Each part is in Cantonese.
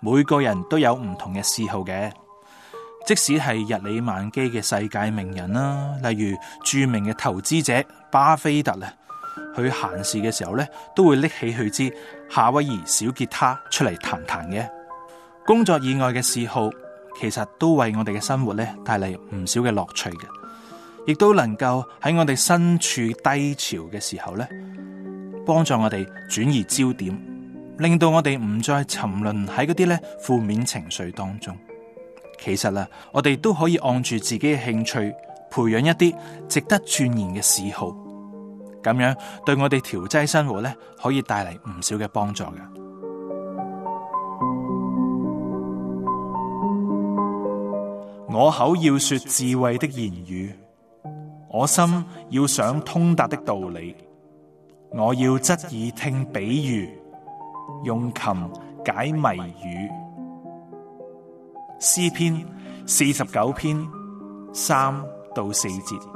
每個人都有唔同嘅嗜好嘅，即使係日理萬機嘅世界名人啦，例如著名嘅投資者巴菲特咧，佢閒時嘅時候咧都會拎起佢支夏威夷小吉他出嚟彈彈嘅。工作以外嘅嗜好，其實都為我哋嘅生活咧帶嚟唔少嘅樂趣嘅，亦都能夠喺我哋身處低潮嘅時候咧，幫助我哋轉移焦點。令到我哋唔再沉淪喺嗰啲咧負面情緒當中。其實啦，我哋都可以按住自己嘅興趣，培養一啲值得鑽研嘅嗜好，咁樣對我哋調劑生活咧，可以帶嚟唔少嘅幫助噶， 我口要說智慧的言語，我心要想通達的道理，我要側耳聽比喻。用琴解謎語，詩篇四十九篇三到四節。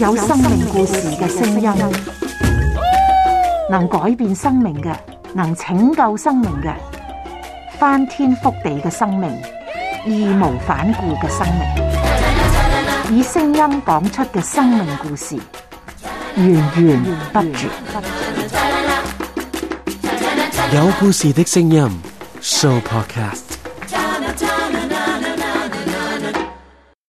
有生命故事嘅聲音，能改變生命嘅，能拯救生命嘅，翻天覆地嘅生命，義無反顧嘅生命，以聲音講出嘅生命故事，源源不絕。有故事嘅聲音，Sooo Podcast。